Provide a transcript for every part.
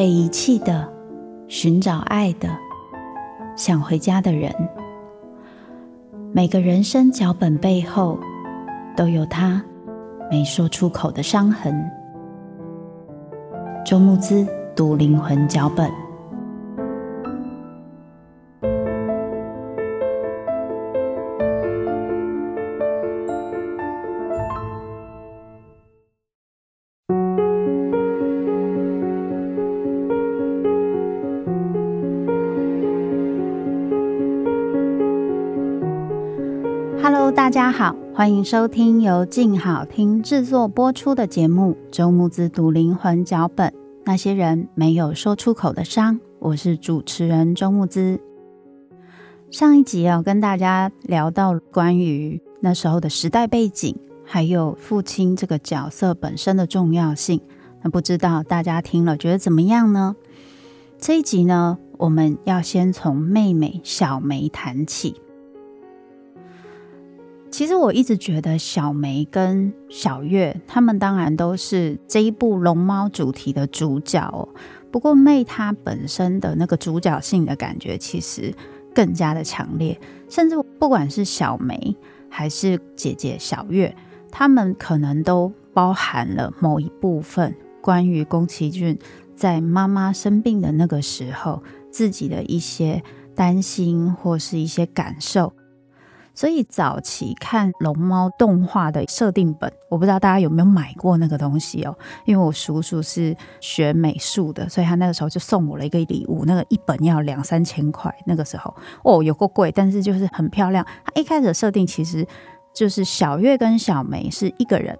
被遺棄的，尋找愛的，想回家的人。每個人生腳本背後，都有他沒說出口的傷痕。周慕姿讀靈魂腳本。Hello，大家好，歡迎收聽由靜好聽製作播出的節目《周木子讀靈魂腳本》，那些人沒有說出口的傷，我是主持人周木子。上一集要跟大家聊到關於那時候的時代背景，還有父親這個角色本身的重要性。那不知道大家聽了覺得怎麼樣呢？這一集呢，我們要先從妹妹小梅談起。其實我一直覺得小梅跟小月，他們當然都是這一部龍貓主題的主角喔，不過妹她本身的那個主角性的感覺，其實更加的強烈。甚至不管是小梅還是姐姐小月，他們可能都包含了某一部分關於宮崎駿在媽媽生病的那個時候，自己的一些擔心或是一些感受。所以早期看龍貓動畫的設定本，我不知道大家有沒有買過那個東西哦、喔。因為我叔叔是學美術的，所以他那個時候就送我了一個禮物，那個一本要兩三千塊，那個時候哦、oh,，有夠貴，但是就是很漂亮。他一開始的設定其實就是小月跟小梅是一個人，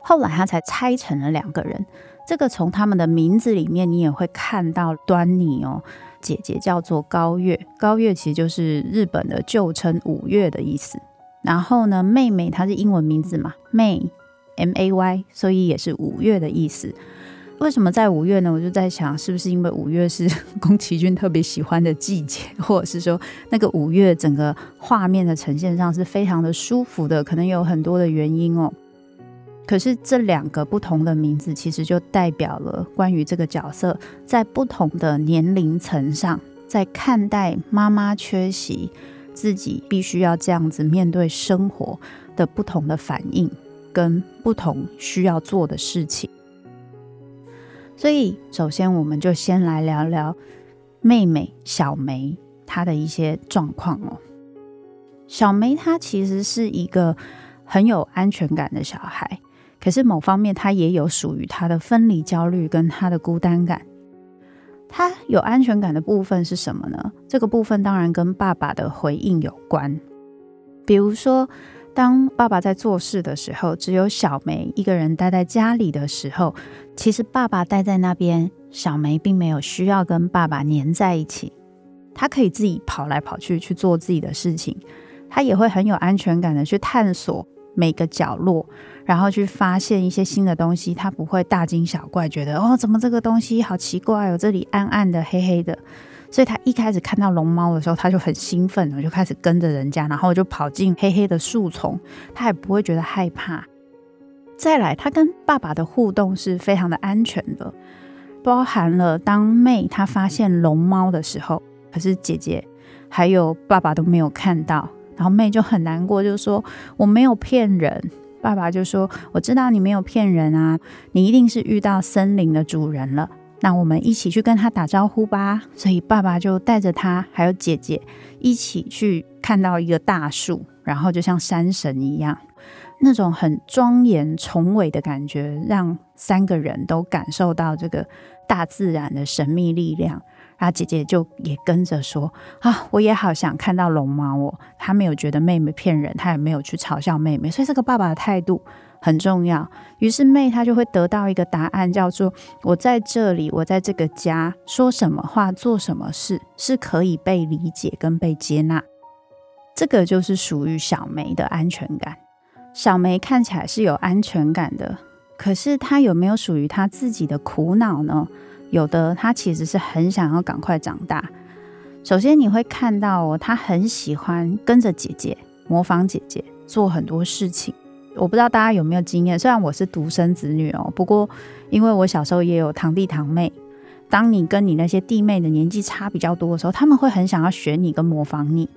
後來他才拆成了兩個人。這個從他們的名字裡面你也會看到端倪哦、喔。姐姐叫做高月，高月其實就是日本的舊稱五月的意思。然後呢，妹妹她是英文名字嘛，May，M-A-Y，所以也是五月的意思。為什麼在五月呢？我就在想，是不是因為五月是宮崎駿特別喜歡的季節，或者是說那個五月整個畫面的呈現上是非常的舒服的，可能有很多的原因哦、喔。可是這兩個不同的名字，其實就代表了關於這個角色在不同的年齡層上，在看待媽媽缺席、自己必須要這樣子面對生活的不同的反應，跟不同需要做的事情。所以，首先我們就先來聊聊妹妹小梅她的一些狀況哦。小梅她其實是一個很有安全感的小孩。可是某方面，他也有屬於他的分離焦慮跟他的孤單感。他有安全感的部分是什麼呢？這個部分當然跟爸爸的回應有關。比如說，當爸爸在做事的時候，只有小梅一個人待在家裡的時候，其實爸爸待在那邊，小梅並沒有需要跟爸爸黏在一起，他可以自己跑來跑去去做自己的事情，他也會很有安全感的去探索。每個角落，然後去發現一些新的東西。他不會大驚小怪，覺得哦，怎麼這個東西好奇怪哦，這裡暗暗的、黑黑的。所以他一開始看到龍貓的時候，他就很興奮，我就開始跟着人家，然後就跑進黑黑的樹叢，他也不會覺得害怕。再來，他跟爸爸的互動是非常的安全的，包含了當妹她發現龍貓的時候，可是姐姐還有爸爸都沒有看到。然後梅就很難過，就說我沒有騙人。爸爸就說：“我知道你沒有騙人啊，你一定是遇到森林的主人了。那我們一起去跟他打招呼吧。”所以爸爸就帶着他還有姐姐一起去看到一個大樹，然後就像山神一樣，那種很莊嚴、宏偉的感覺，讓三個人都感受到這個大自然的神秘力量。他、啊、姐姐就也跟着說：“啊，我也好想看到龍貓哦。”她沒有覺得妹妹騙人，她也沒有去嘲笑妹妹，所以這個爸爸的態度很重要。於是妹她就會得到一個答案，叫做：“我在這裡，我在這個家，說什麼話，做什麼事，是可以被理解跟被接納。”這個就是屬於小梅的安全感。小梅看起來是有安全感的，可是她有沒有屬於她自己的苦惱呢？有的，他其實是很想要趕快長大。首先你會看到，他很喜歡跟着姐姐，模仿姐姐做很多事情。我不知道大家有沒有經驗，雖然我是獨生子女哦，不過因為我小時候也有堂弟堂妹，當你跟你那些弟妹的年紀差比較多的時候，他們會很想要學你跟模仿你。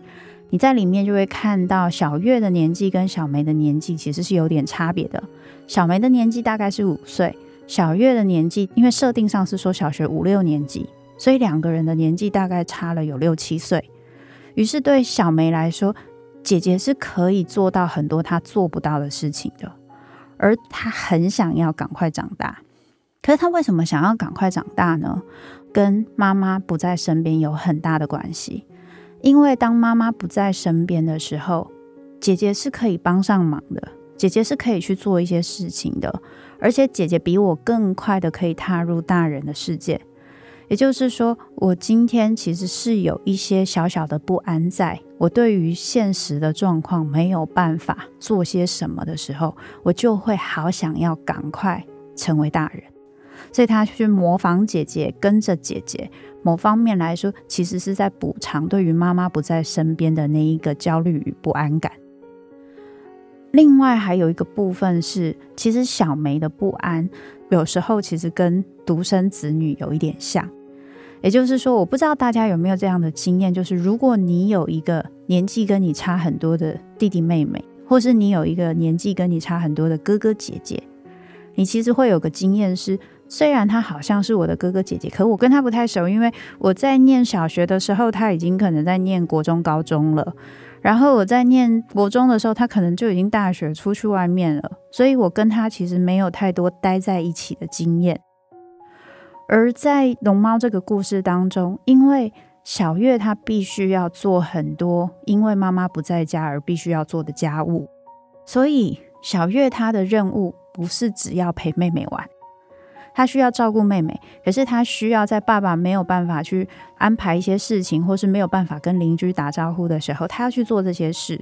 你在裡面就會看到小月的年紀跟小梅的年紀其實是有點差別的，小梅的年紀大概是五歲。小月的年紀，因為設定上是說小學五六年級，所以兩個人的年紀大概差了有六七歲。於是對小梅來說，姐姐是可以做到很多她做不到的事情的，而她很想要趕快長大。可是她為什麼想要趕快長大呢？跟媽媽不在身邊有很大的關係。因為當媽媽不在身邊的時候，姐姐是可以幫上忙的，姐姐是可以去做一些事情的。而且姐姐比我更快的可以踏入大人的世界，也就是說，我今天其實是有一些小小的不安在，在我對於現實的狀況沒有辦法做些什麼的時候，我就會好想要趕快成為大人。所以他去模仿姐姐，跟着姐姐，某方面來說，其實是在補償對於媽媽不在身邊的那一個焦慮與不安感。另外還有一個部分是，其實小梅的不安，有時候其實跟獨生子女有一點像。也就是說，我不知道大家有沒有這樣的經驗，就是如果你有一個年紀跟你差很多的弟弟妹妹，或是你有一個年紀跟你差很多的哥哥姐姐，你其實會有個經驗是，雖然他好像是我的哥哥姐姐，可我跟他不太熟，因為我在念小學的時候，他已經可能在念國中、高中了。然後我在念國中的時候，他可能就已經大學出去外面了，所以我跟他其實沒有太多待在一起的經驗。而在龍貓這個故事當中，因為小月她必須要做很多因為媽媽不在家而必須要做的家務，所以小月她的任務不是只要陪妹妹玩。他需要照顧妹妹，可是他需要在爸爸沒有辦法去安排一些事情，或是沒有辦法跟鄰居打招呼的時候，他要去做這些事。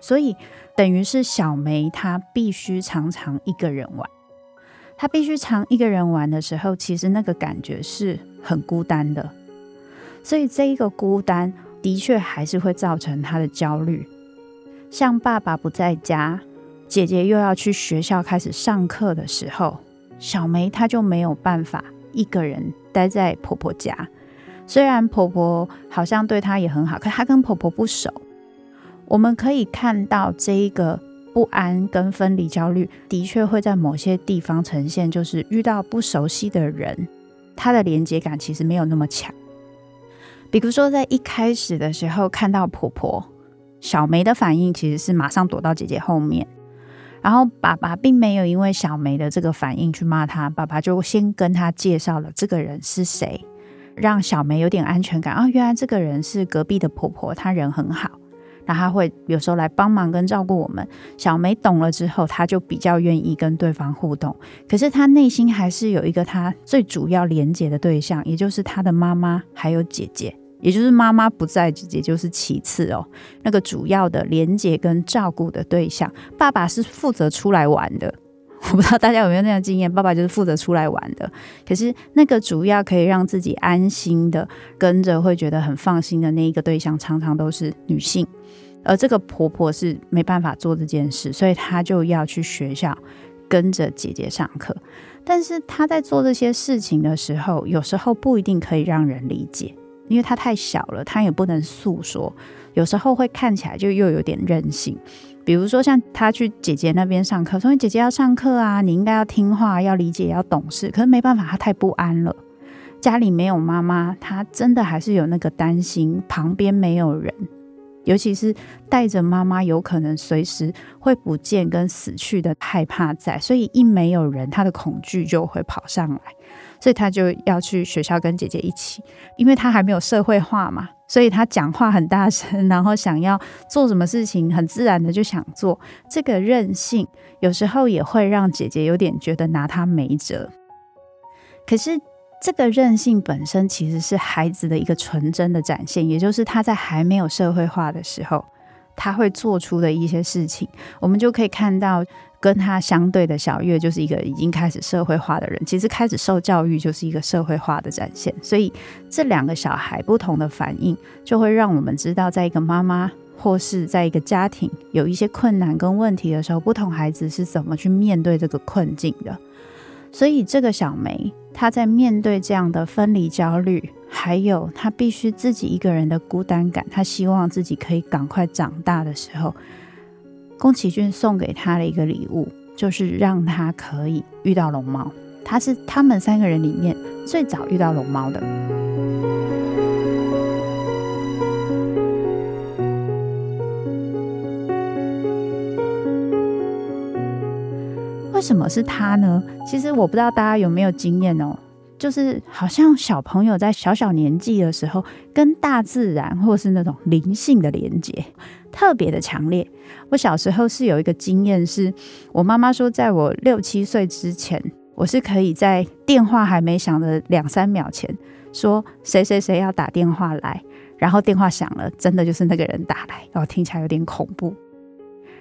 所以，等於是小梅她必須常常一個人玩，她必須常一個人玩的時候，其實那個感覺是很孤單的。所以，這一個孤單的確還是會造成她的焦慮。像爸爸不在家，姐姐又要去學校開始上課的時候，小梅她就沒有辦法一個人待在婆婆家，雖然婆婆好像對她也很好，可她跟婆婆不熟。我們可以看到這一個不安跟分離焦慮，的確會在某些地方呈現，就是遇到不熟悉的人，她的連接感其實沒有那麼強。比如說在一開始的時候，看到婆婆，小梅的反應其實是馬上躲到姐姐後面。然後爸爸並沒有因為小梅的這個反應去罵她，爸爸就先跟她介紹了這個人是誰，讓小梅有點安全感啊，哦，原來這個人是隔壁的婆婆，她人很好，那她會有時候來幫忙跟照顧我們。小梅懂了之後，她就比較願意跟對方互動，可是她內心還是有一個她最主要連接的對象，也就是她的媽媽還有姐姐。也就是媽媽不在，也就是其次哦。那個主要的連接跟照顧的對象，爸爸是負責出來玩的。我不知道大家有沒有那樣經驗，爸爸就是負責出來玩的。可是那個主要可以讓自己安心的，跟著會覺得很放心的那一個對象，常常都是女性。而這個婆婆是沒辦法做這件事，所以她就要去學校跟着姐姐上課。但是她在做這些事情的時候，有時候不一定可以讓人理解。因為他太小了，他也不能訴說，有時候會看起來就又有點任性。比如說，像他去姐姐那邊上課，說姐姐要上課啊，你應該要聽話、要理解、要懂事。可是沒辦法，他太不安了。家裡沒有媽媽，他真的還是有那個擔心，旁邊沒有人，尤其是帶着媽媽有可能隨時會不見跟死去的害怕在，所以一沒有人，他的恐懼就會跑上來。所以他就要去學校跟姐姐一起，因為他還沒有社會化嘛，所以他講話很大聲，然後想要做什麼事情，很自然的就想做。這個任性有時候也會讓姐姐有點覺得拿他沒轍。可是這個任性本身其實是孩子的一個純真的展現，也就是他在還沒有社會化的時候，他會做出的一些事情，我們就可以看到。跟他相對的小月就是一個已經開始社會化的人。其實開始受教育就是一個社會化的展現。所以這兩個小孩不同的反應，就會讓我們知道，在一個媽媽或是在一個家庭有一些困難跟問題的時候，不同孩子是怎麼去面對這個困境的。所以這個小梅她，在面對這樣的分離焦慮，還有她必須自己一個人的孤單感，她希望自己可以趕快長大的時候，宮崎駿送給他的一個禮物，就是讓他可以遇到龍貓。他是他們三個人裡面最早遇到龍貓的。為什麼是他呢？其實我不知道大家有沒有經驗哦、喔，就是好像小朋友在小小年紀的時候，跟大自然或是那種靈性的連接。特別的強烈。我小時候是有一個經驗，是我媽媽說，在我六七歲之前，我是可以在電話還沒響的兩三秒前，說誰誰誰要打電話來，然後電話響了，真的就是那個人打來，然後聽起來有點恐怖。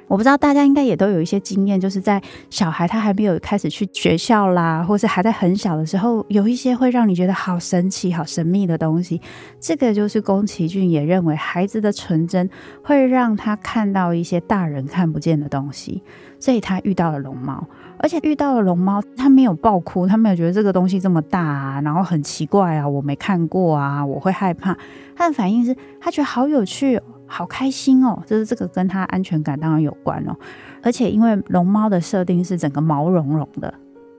我不知道大家應該也都有一些經驗，就是在小孩他還沒有開始去學校啦，或是還在很小的時候，有一些會讓你覺得好神奇、好神秘的東西。這個就是宮崎駿也認為，孩子的純真會讓他看到一些大人看不見的東西，所以他遇到了龍貓，而且遇到了龍貓，他沒有爆哭，他沒有覺得這個東西這麼大啊，然後很奇怪啊，我沒看過啊，我會害怕。他的反應是他覺得好有趣喔。好開心哦，就是這個跟它安全感當然有關哦，而且因為龍貓的設定是整個毛茸茸的。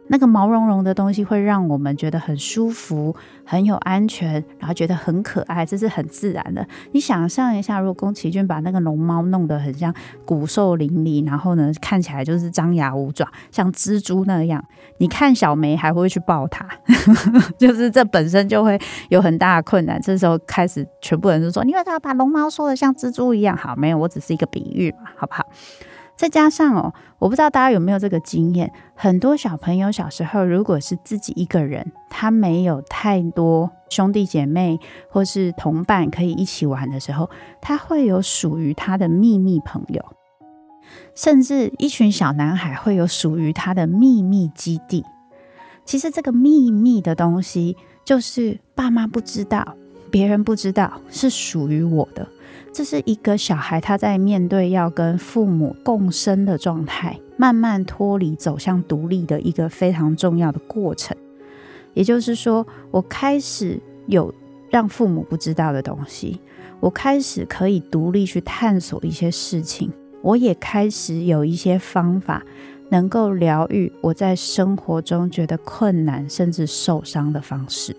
那個毛茸茸的東西會讓我們覺得很舒服，很有安全，然後覺得很可愛，這是很自然的。你想象一下，如果宮崎駿把那個龍貓弄得很像骨瘦嶙峋，然後呢，看起來就是張牙舞爪，像蜘蛛那樣，你看小梅還會去抱它， 就是這本身就會有很大的困難。這時候開始，全部人都說，因為他把龍貓說的像蜘蛛一樣，好，沒有，我只是一個比喻嘛，好不好？再加上哦，我不知道大家有沒有這個經驗，很多小朋友小時候，如果是自己一個人，他沒有太多兄弟姐妹或是同伴可以一起玩的時候，他會有屬於他的秘密朋友，甚至一群小男孩會有屬於他的秘密基地。其實這個秘密的東西，就是爸媽不知道，別人不知道，是屬於我的。這是一個小孩他在面對要跟父母共生的狀態，慢慢脫離走向獨立的一個非常重要的過程。也就是說，我開始有讓父母不知道的東西，我開始可以獨立去探索一些事情，我也開始有一些方法能夠療癒我在生活中覺得困難甚至受傷的方式。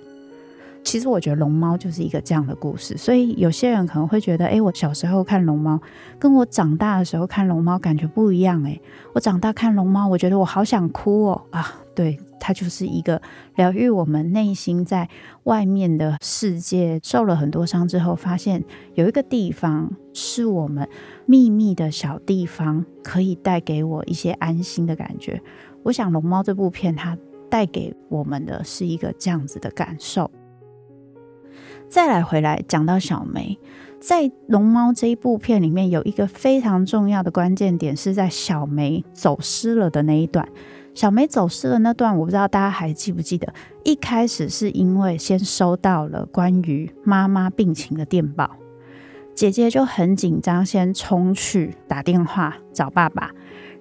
其實我覺得龍貓就是一個這樣的故事，所以有些人可能會覺得，誒，我小時候看龍貓，跟我長大的時候看龍貓感覺不一樣。誒，我長大看龍貓，我覺得我好想哭哦。啊，對，它就是一個療癒我們內心，在外面的世界受了很多傷之後，發現有一個地方是我們秘密的小地方，可以帶給我一些安心的感覺。我想龍貓這部片，它帶給我們的是一個這樣子的感受。再來回來講到小梅，在《龍貓》這一部片裡面，有一個非常重要的關鍵點，是在小梅走失了的那一段。小梅走失了那段，我不知道大家還記不記得？一開始是因為先收到了關於媽媽病情的電報，姐姐就很緊張，先衝去打電話找爸爸，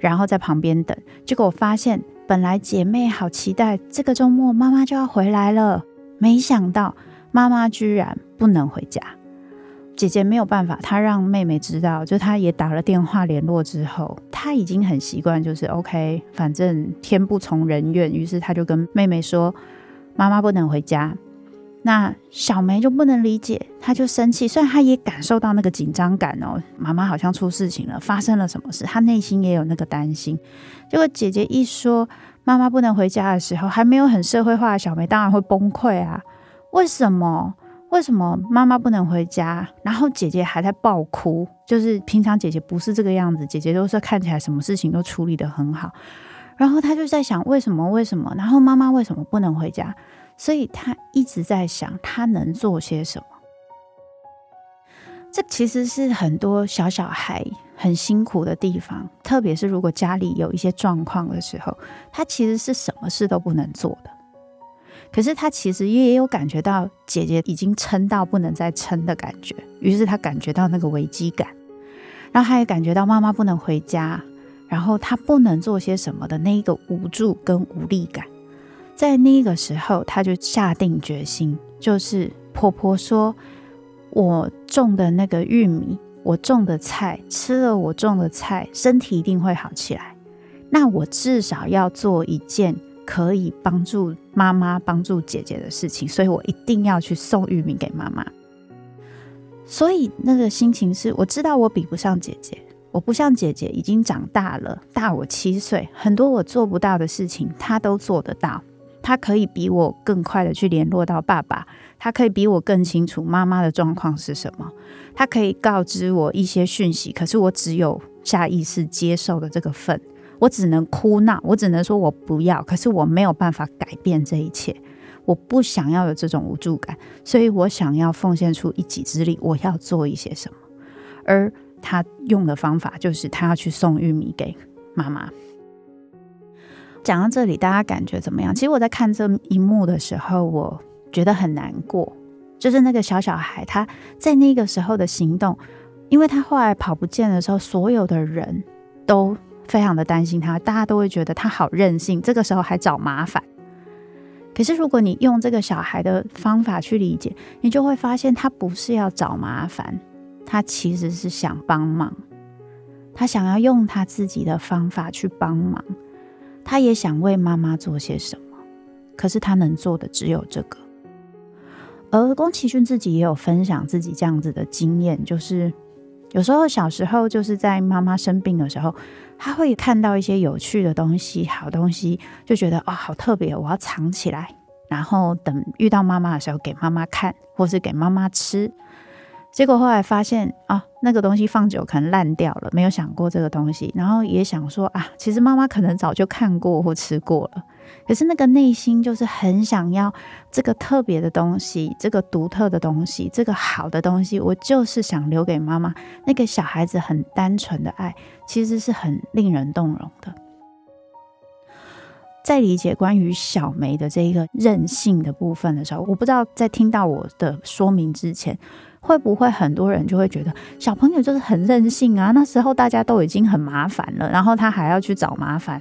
然後在旁邊等。結果我發現，本來姐妹好期待這個週末媽媽就要回來了，沒想到。媽媽居然不能回家，姐姐沒有辦法，她讓妹妹知道，就她也打了電話聯絡之後，她已經很習慣，就是 OK，反正天不從人願，於是她就跟妹妹說：“媽媽不能回家。”那小梅就不能理解，她就生氣。雖然她也感受到那個緊張感哦，媽媽好像出事情了，發生了什麼事，她內心也有那個擔心。結果姐姐一說媽媽不能回家的時候，還沒有很社會化的小梅當然會崩潰啊。為什麼？為什麼媽媽不能回家？然後姐姐還在爆哭，就是平常姐姐不是這個樣子，姐姐都是看起來什麼事情都處理的很好，然後她就在想為什麼？為什麼？然後媽媽為什麼不能回家？所以她一直在想，她能做些什麼？這其實是很多小小孩很辛苦的地方，特別是如果家裡有一些狀況的時候，她其實是什麼事都不能做的。可是她其實也有感覺到姐姐已經撐到不能再撐的感覺，於是她感覺到那個危機感，然後她也感覺到媽媽不能回家，然後她不能做些什麼的那一個無助跟無力感，在那個時候，她就下定決心，就是婆婆說：“我種的那個玉米，我種的菜，吃了我種的菜，身體一定會好起來。那我至少要做一件。”可以幫助媽媽、幫助姐姐的事情，所以我一定要去送玉米給媽媽。所以那個心情是，我知道我比不上姐姐，我不像姐姐已經長大了，大我七歲，很多我做不到的事情她都做得到。她可以比我更快的去聯絡到爸爸，她可以比我更清楚媽媽的狀況是什麼，她可以告知我一些訊息。可是我只有下意識接受的這個份。我只能哭鬧，我只能說我不要，可是我沒有辦法改變這一切。我不想要有這種無助感，所以我想要奉獻出一己之力。我要做一些什麼？而他用的方法就是他要去送玉米給媽媽。講到這裡，大家感覺怎麼樣？其實我在看這一幕的時候，我覺得很難過。就是那個小小孩，他在那個時候的行動，因為他後來跑不見的時候，所有的人都。非常的擔心他，大家都會覺得他好任性，這個時候還找麻煩。可是如果你用這個小孩的方法去理解，你就會發現他不是要找麻煩，他其實是想幫忙，他想要用他自己的方法去幫忙，他也想為媽媽做些什麼。可是他能做的只有這個。而宮崎駿自己也有分享自己這樣子的經驗，就是有時候小時候就是在媽媽生病的時候。他會看到一些有趣的東西、好東西，就覺得啊，好特別，我要藏起來，然後等遇到媽媽的時候給媽媽看，或是給媽媽吃。結果後來發現啊，那個東西放久可能爛掉了，沒有想過這個東西。然後也想說啊，其實媽媽可能早就看過或吃過了。可是那個內心就是很想要這個特別的東西，這個獨特的東西，這個好的東西，我就是想留給媽媽。那個小孩子很單純的愛，其實是很令人動容的。在理解關於小梅的這一個任性的部分的時候，我不知道在聽到我的說明之前，會不會很多人就會覺得小朋友就是很任性啊？那時候大家都已經很麻煩了，然後他還要去找麻煩。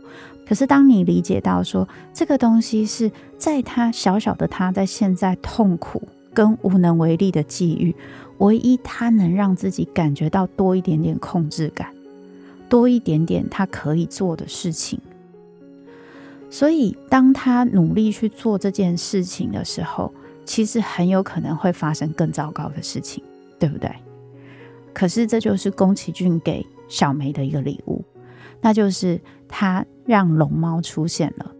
可是，當你理解到說這個東西是在他小小的他在現在痛苦跟無能為力的際遇，唯一他能讓自己感覺到多一點點控制感，多一點點他可以做的事情。所以，當他努力去做這件事情的時候，其實很有可能會發生更糟糕的事情，對不對？可是，這就是宮崎駿給小梅的一個禮物。那就是他讓龍貓出，出現了，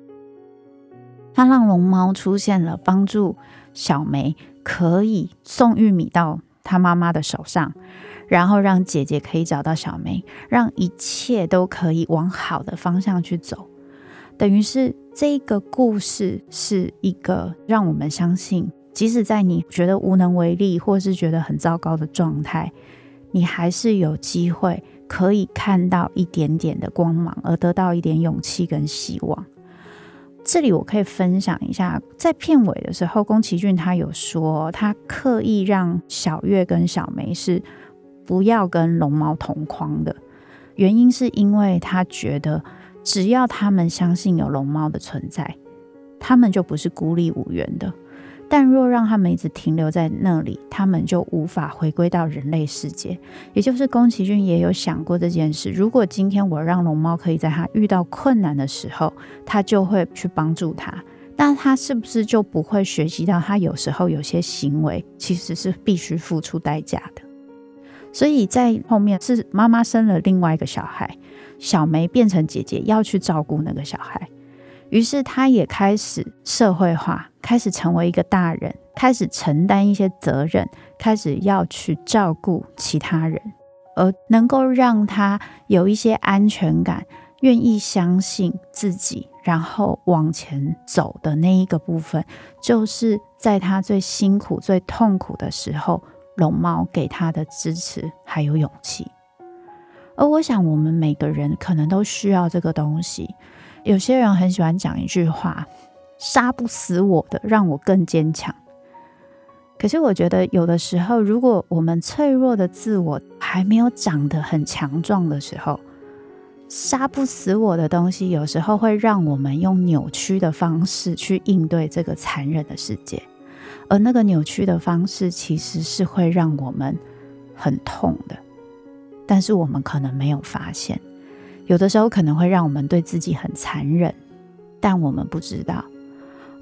他讓龍貓出現了，幫助小梅可以送玉米到她媽媽的手上，然後讓姐姐可以找到小梅，讓一切都可以往好的方向去走。等於是這個故事是一個讓我們相信，即使在你覺得無能為力或是覺得很糟糕的狀態，你還是有機會。可以看到一點點的光芒，而得到一點勇氣跟希望。這裡我可以分享一下，在片尾的時候，宮崎駿他有說，他刻意讓小月跟小梅是不要跟龍貓同框的，原因是因為他覺得，只要他們相信有龍貓的存在，他們就不是孤立無援的。但若讓他們一直停留在那裡，他們就無法回歸到人類世界。也就是宮崎駿也有想過這件事：如果今天我讓龍貓可以在他遇到困難的時候，他就會去幫助他，那他是不是就不會學習到他有時候有些行為其實是必須付出代價的？所以在後面是媽媽生了另外一個小孩，小梅變成姐姐，要去照顧那個小孩。於是他也開始社會化，開始成為一個大人，開始承擔一些責任，開始要去照顧其他人，而能夠讓他有一些安全感，願意相信自己，然後往前走的那一個部分，就是在他最辛苦、最痛苦的時候，龍貓給他的支持還有勇氣。而我想，我們每個人可能都需要這個東西。有些人很喜歡講一句話：“殺不死我的，讓我更堅強。”可是我覺得，有的時候，如果我們脆弱的自我還沒有長得很強壯的時候，殺不死我的東西，有時候會讓我們用扭曲的方式去應對這個殘忍的世界，而那個扭曲的方式，其實是會讓我們很痛的，但是我們可能沒有發現。有的時候可能會讓我們對自己很殘忍，但我們不知道。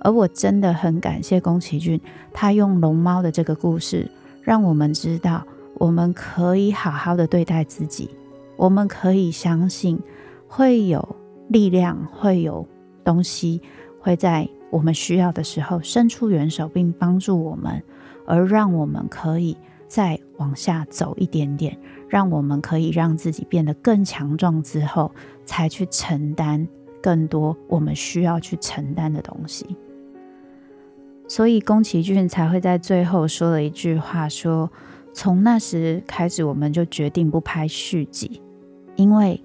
而我真的很感謝宮崎駿，他用龍貓的這個故事，讓我們知道我們可以好好的對待自己，我們可以相信會有力量，會有東西會在我們需要的時候伸出援手並幫助我們，而讓我們可以。再往下走一點點，讓我們可以讓自己變得更強壯之後，才去承擔更多我們需要去承擔的東西。所以，宮崎駿才會在最後說了一句話說，從那時開始，我們就決定不拍續集，因為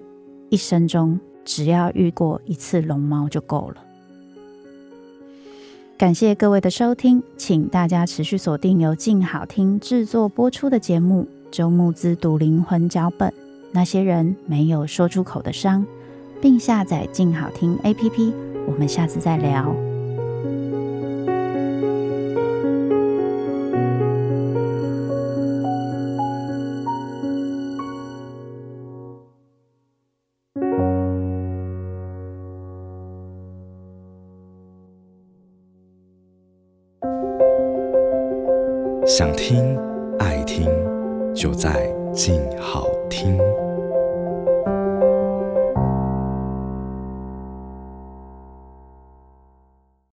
一生中只要遇過一次龍貓就夠了。感謝各位的收聽，請大家持續鎖定由靜好聽制作播出的節目《周牧之讀靈魂腳本》，那些人沒有說出口的傷，並下載靜好聽 APP，我們下次再聊。